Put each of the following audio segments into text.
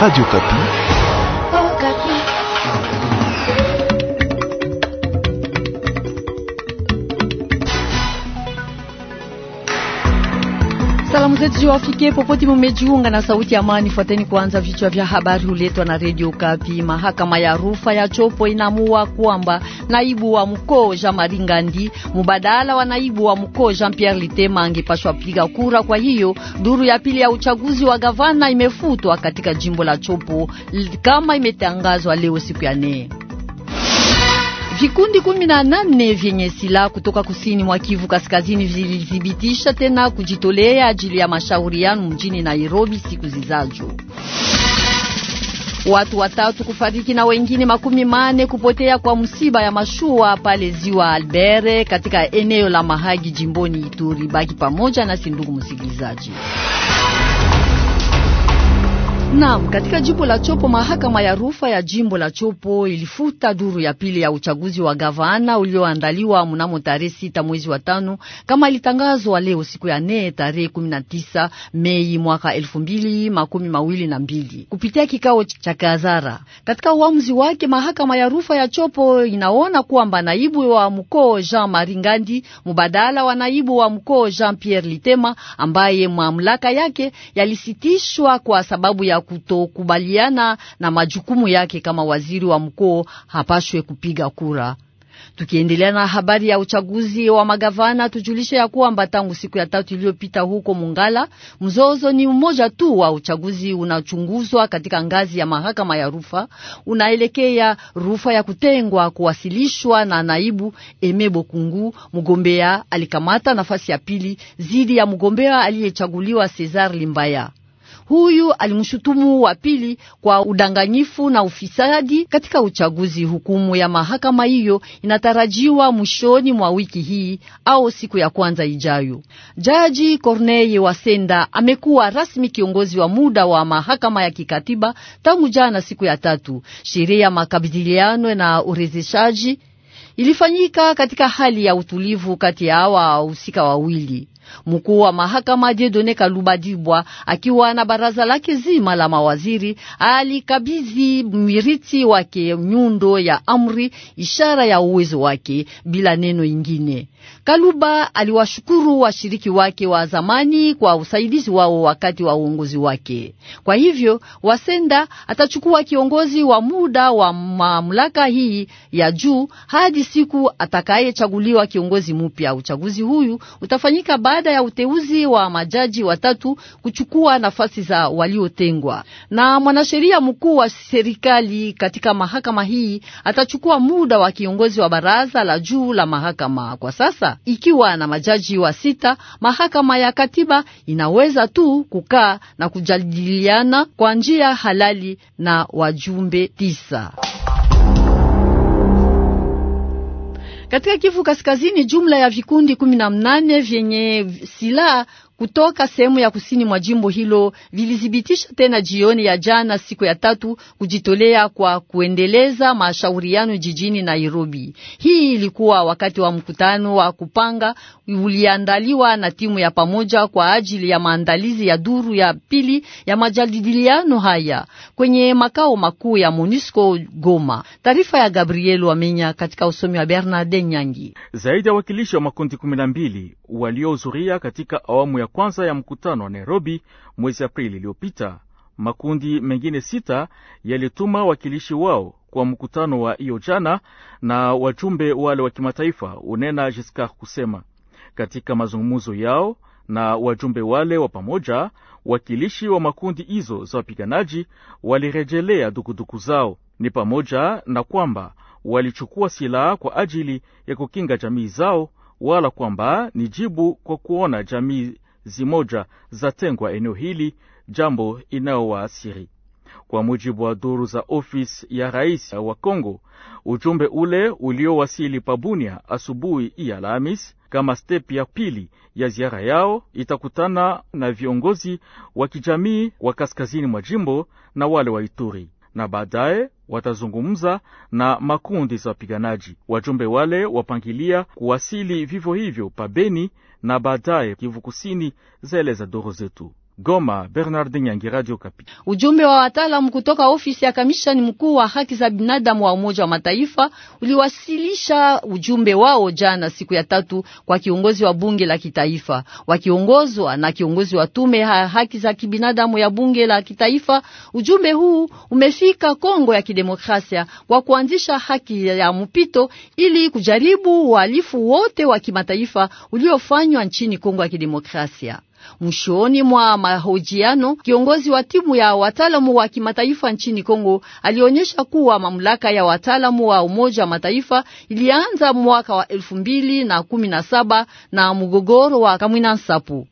Radio Kapi. Salamu zetu ziwafikie popote mumejiunga na Sauti ya Amani. Fuateni kwanza vichwa vya habari huletwa na Redio Kapi. Mahakama ya rufa ya Chopo inamua kwamba naibu wa mkoo Jean Marie Ngandi mubadala wa naibu wa mkoo Jean Pierre Litema angepashwa piga kura. Kwa hiyo duru ya pili ya uchaguzi wa gavana imefutwa katika jimbo la Chopo kama imetangazwa leo siku ya nne. Vikundi kumi na nane vyenye silaha kutoka kusini mwa Kivu Kaskazini vilithibitisha tena kujitolea ajili ya mashauriano mjini Nairobi siku zijazo. Watu watatu kufariki na wengine makumi mane kupotea kwa msiba ya mashua pale ziwa Albere katika eneo la Mahagi jimboni Ituri. Baki pamoja na sindugu msikilizaji. Naam, katika jimbo la Chopo mahakama ya rufa ya jimbo la Chopo ilifuta duru ya pili ya uchaguzi wa gavana ulioandaliwa mnamo tarehe sita mwezi wa tano kama ilitangazwa leo siku ya nne tarehe 19 Mei mwaka elfu mbili makumi mawili na mbili kupitia kikao cha kazara. Katika uamuzi wake mahakama ya rufa ya Chopo inaona kwamba naibu wa mkoo Jean Marie Ngandi mubadala wa naibu wa mkoo Jean Pierre Litema ambaye mamlaka yake yalisitishwa kwa sababu ya kutokubaliana na majukumu yake kama waziri wa mkoo hapashwe kupiga kura. Tukiendelea na habari ya uchaguzi wa magavana, tujulishe ya kwamba tangu siku ya tatu iliyopita huko Mungala, mzozo ni mmoja tu wa uchaguzi unachunguzwa katika ngazi ya mahakama ya rufa unaelekea rufa ya kutengwa kuwasilishwa na naibu Emebo Kungu. Mgombea alikamata nafasi ya pili dhidi ya mgombea aliyechaguliwa Cesar Limbaya. Huyu alimshutumu wa pili kwa udanganyifu na ufisadi katika uchaguzi. Hukumu ya mahakama hiyo inatarajiwa mwishoni mwa wiki hii au siku ya kwanza ijayo. Jaji Corneye Wasenda amekuwa rasmi kiongozi wa muda wa mahakama ya kikatiba tangu jana siku ya tatu. Sheria ya makabiliano na urezeshaji ilifanyika katika hali ya utulivu kati ya wahusika wawili. Mkuu wa mahakama Jedone Dibwa akiwa na baraza lake zima la mawaziri alikabidhi mwiriti wake nyundo ya amri, ishara ya uwezo wake bila neno ingine. Kaluba aliwashukuru washiriki wake wa zamani kwa usaidizi wao wakati wa uongozi wake. Kwa hivyo, Wasenda atachukua kiongozi wa muda wa mamlaka hii ya juu hadi siku atakayechaguliwa kiongozi mpya. Uchaguzi huyu utafanyika baada ya uteuzi wa majaji watatu kuchukua nafasi za waliotengwa. Na mwanasheria mkuu wa serikali katika mahakama hii atachukua muda wa kiongozi wa baraza la juu la mahakama. Kwa sasa sasa ikiwa na majaji wa sita, mahakama ya katiba inaweza tu kukaa na kujadiliana kwa njia halali na wajumbe tisa. Katika Kivu Kaskazini, jumla ya vikundi kumi na mnane vyenye silaha kutoka sehemu ya kusini mwa jimbo hilo vilithibitisha tena jioni ya jana siku ya tatu kujitolea kwa kuendeleza mashauriano jijini Nairobi. Hii ilikuwa wakati wa mkutano wa kupanga uliandaliwa na timu ya pamoja kwa ajili ya maandalizi ya duru ya pili ya majadiliano haya kwenye makao makuu ya MONUSCO Goma. Taarifa ya Gabriel Wamenya katika usomi wa Bernard Nyangi. Zaidi ya wakilishi wa makundi 12 waliohudhuria katika awamu ya kwanza ya mkutano wa Nairobi mwezi Aprili iliyopita. Makundi mengine sita yalituma wakilishi wao kwa mkutano wa hiyo jana, na wajumbe wale wa kimataifa unena Jiska kusema katika mazungumzo yao na wajumbe wale wa pamoja, wakilishi wa makundi hizo za wapiganaji walirejelea dukuduku zao, ni pamoja na kwamba walichukua silaha kwa ajili ya kukinga jamii zao, wala kwamba ni jibu kwa kuona jamii zimoja zatengwa eneo hili, jambo inayowaasiri kwa mujibu wa duru za ofisi ya rais wa Kongo, ujumbe ule uliowasili Pabunia asubuhi ya Alhamis kama step ya pili ya ziara yao itakutana na viongozi wa kijamii wa kaskazini mwa jimbo na wale wa Ituri na baadaye watazungumza na makundi za wapiganaji. Wajumbe wale wapangilia kuwasili vivyo hivyo pabeni na baadaye Kivu Kusini, zaeleza duru zetu. Goma, Bernard Nyangi, Radio Kapi. Ujumbe wa wataalamu kutoka ofisi ya kamishani mkuu wa haki za binadamu wa Umoja wa Mataifa uliwasilisha ujumbe wao jana siku ya tatu kwa kiongozi wa bunge la kitaifa, wakiongozwa na kiongozi wa tume ya haki za kibinadamu ya bunge la kitaifa. Ujumbe huu umefika Kongo ya Kidemokrasia kwa kuanzisha haki ya mpito ili kujaribu uhalifu wote wa kimataifa uliofanywa nchini Kongo ya Kidemokrasia. Mwishoni mwa mahojiano, kiongozi wa timu ya wataalamu wa kimataifa nchini Kongo alionyesha kuwa mamlaka ya wataalamu wa Umoja wa Mataifa ilianza mwaka wa elfu mbili na kumi na saba na mgogoro wa Kamwina Nsapu.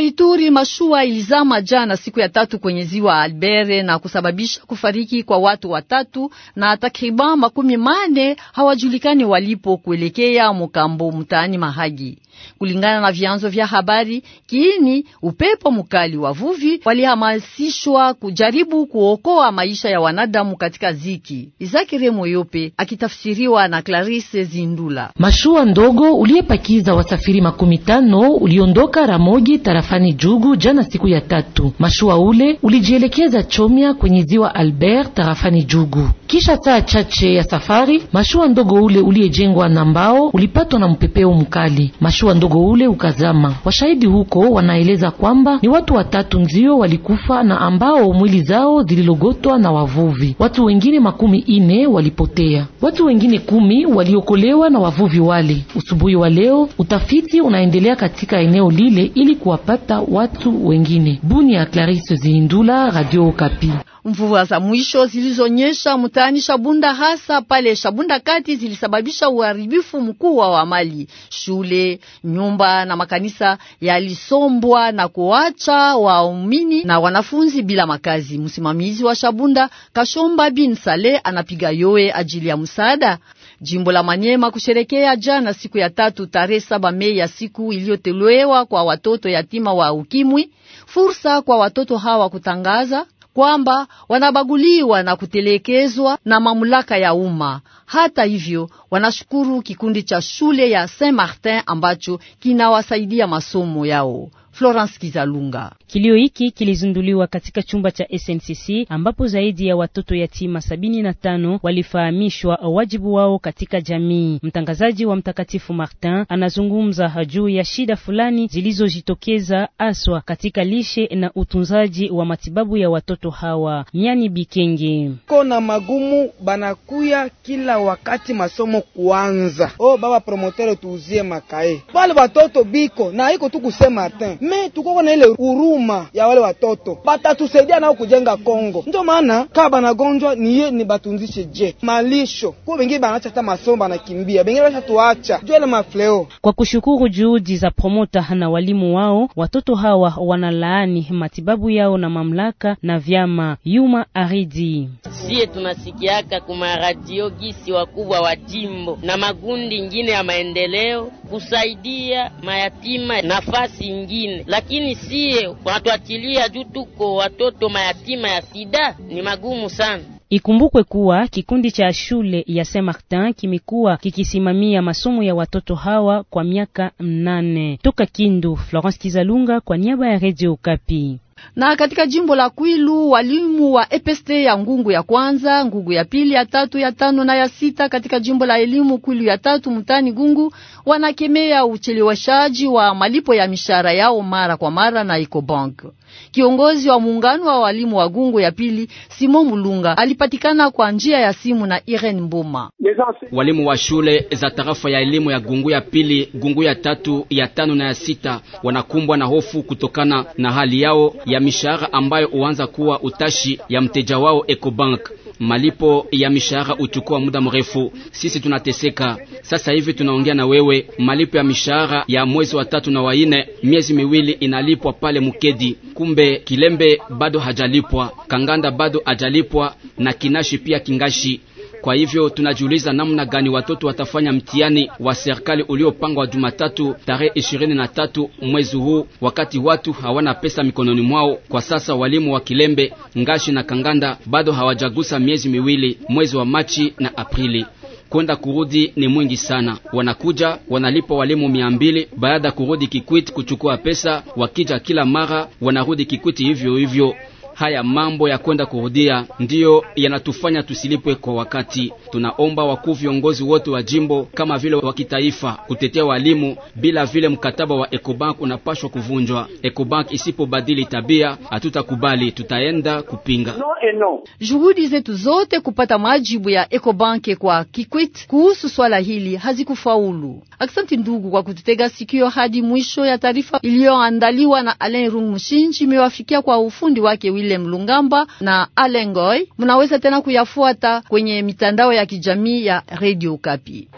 Ituri, mashua ilizama jana siku ya tatu kwenye ziwa Albere na kusababisha kufariki kwa watu watatu na takriban makumi mane hawajulikani walipo kuelekea Mukambo mtaani Mahagi. Kulingana na vyanzo vya habari, kiini upepo mkali. Wavuvi walihamasishwa kujaribu kuokoa maisha ya wanadamu katika ziki. Remo Yope akitafsiriwa na Clarisse Zindula. Mashua ndogo uliyepakiza wasafiri makumi tano uliondoka Ramogi tarafa tarafani Jugu jana siku ya tatu. Mashua ule ulijielekeza Chomia kwenye ziwa Albert tarafani Jugu. Kisha saa chache ya safari, mashua ndogo ule uliyejengwa na mbao ulipatwa na mpepeo mkali, mashua ndogo ule ukazama. Washahidi huko wanaeleza kwamba ni watu watatu ndio walikufa na ambao mwili zao zililogotwa na wavuvi. Watu wengine makumi ine walipotea, watu wengine kumi waliokolewa na wavuvi wale. Usubuhi wa leo utafiti unaendelea katika eneo lile ili kuwapata kufuata watu wengine. Bunia, Clarisse Zindula, Radio Kapi. Mvua za mwisho zilizonyesha mtaani Shabunda hasa pale Shabunda kati zilisababisha uharibifu mkubwa wa mali. Shule, nyumba na makanisa yalisombwa na kuacha waumini na wanafunzi bila makazi. Msimamizi wa Shabunda Kashomba bin Saleh anapiga yowe ajili ya msaada. Jimbo la Manyema kusherekea jana siku ya tatu tarehe saba Mei ya siku iliyotolewa kwa watoto yatima wa ukimwi, fursa kwa watoto hawa kutangaza kwamba wanabaguliwa na kutelekezwa na mamlaka ya umma. Hata hivyo, wanashukuru kikundi cha shule ya Saint Martin ambacho kinawasaidia masomo yao. Florence Kizalunga. Kilio hiki kilizunduliwa katika chumba cha SNCC ambapo zaidi ya watoto yatima sabini na tano walifahamishwa wajibu wao katika jamii. Mtangazaji wa Mtakatifu Martin anazungumza juu ya shida fulani zilizojitokeza aswa katika lishe na utunzaji wa matibabu ya watoto hawa. Nyani Bikenge: kona magumu banakuya kila wakati masomo kuanza. Oh, baba promotere tuuzie makae. pale, batoto biko na iko tu kusema Martin me tukoko na ile huruma ya wale watoto batatusaidia nao kujenga Kongo. Ndio maana kaa banagonjwa niye ni batunzishe je malisho kuo, bengine banacha hata masomo banakimbia, bengine basha tuacha jua ile mafleo. Kwa kushukuru juhudi za promota na walimu wao, watoto hawa wanalaani matibabu yao na mamlaka na vyama yuma aridi. Sie tunasikiaka kumaradio gisi wakubwa wa jimbo na magundi ingine ya maendeleo kusaidia mayatima nafasi ingine wengine, lakini siye wanatuachilia juu tuko watoto mayatima ya sida, ni magumu sana. Ikumbukwe kuwa kikundi cha shule ya Saint Martin kimekuwa kikisimamia masomo ya watoto hawa kwa miaka mnane. Toka Kindu, Florence Kizalunga kwa niaba ya Radio Kapi. Na katika jimbo la Kwilu walimu wa EPST ya Ngungu ya kwanza, Ngungu ya pili, ya tatu, ya tano na ya sita katika jimbo la elimu Kwilu ya tatu mtani Ngungu wanakemea ucheleweshaji wa malipo ya mishahara yao mara kwa mara na Ecobank. Kiongozi wa muungano wa walimu wa Gungu ya pili Simon Mulunga alipatikana kwa njia ya simu na Irene Mbuma. Walimu wa shule za tarafa ya elimu ya Gungu ya pili, Gungu ya tatu, ya tano na ya sita wanakumbwa na hofu kutokana na hali yao ya mishahara ambayo huanza kuwa utashi ya mteja wao Ecobank malipo ya mishahara uchukua muda mrefu, sisi tunateseka. Sasa hivi tunaongea na wewe, malipo ya mishahara ya mwezi wa tatu na waine miezi miwili inalipwa pale Mukedi, kumbe Kilembe bado hajalipwa, Kanganda bado hajalipwa na Kinashi pia Kingashi kwa hivyo tunajiuliza namna gani watoto watafanya mtihani wa serikali uliopangwa Jumatatu tarehe ishirini na tatu mwezi huu, wakati watu hawana pesa mikononi mwao. Kwa sasa walimu wa Kilembe, Ngashi na Kanganda bado hawajagusa miezi miwili, mwezi wa Machi na Aprili kwenda kurudi ni mwingi sana. Wanakuja wanalipa walimu mia mbili baada ya kurudi Kikwiti kuchukua pesa, wakija kila mara wanarudi Kikwiti hivyo hivyo. Haya mambo ya kwenda kurudia ndiyo yanatufanya tusilipwe kwa wakati. Tunaomba wakuu viongozi wote wa jimbo kama vile wa kitaifa kutetea walimu, bila vile mkataba wa Ecobank unapashwa kuvunjwa. Ecobank isipobadili tabia, hatutakubali, tutaenda kupinga. Juhudi zetu zote kupata majibu ya Ecobank kwa Kikwit kuhusu swala hili hazikufaulu. Aksanti ndugu kwa kututega sikio hadi mwisho ya taarifa iliyoandaliwa na Alain Rung Mushinji, imewafikia kwa ufundi wake Willy William Lungamba na alengoy Munaweza tena kuyafuata kwenye mitandao ya kijamii ya Radio Kapi.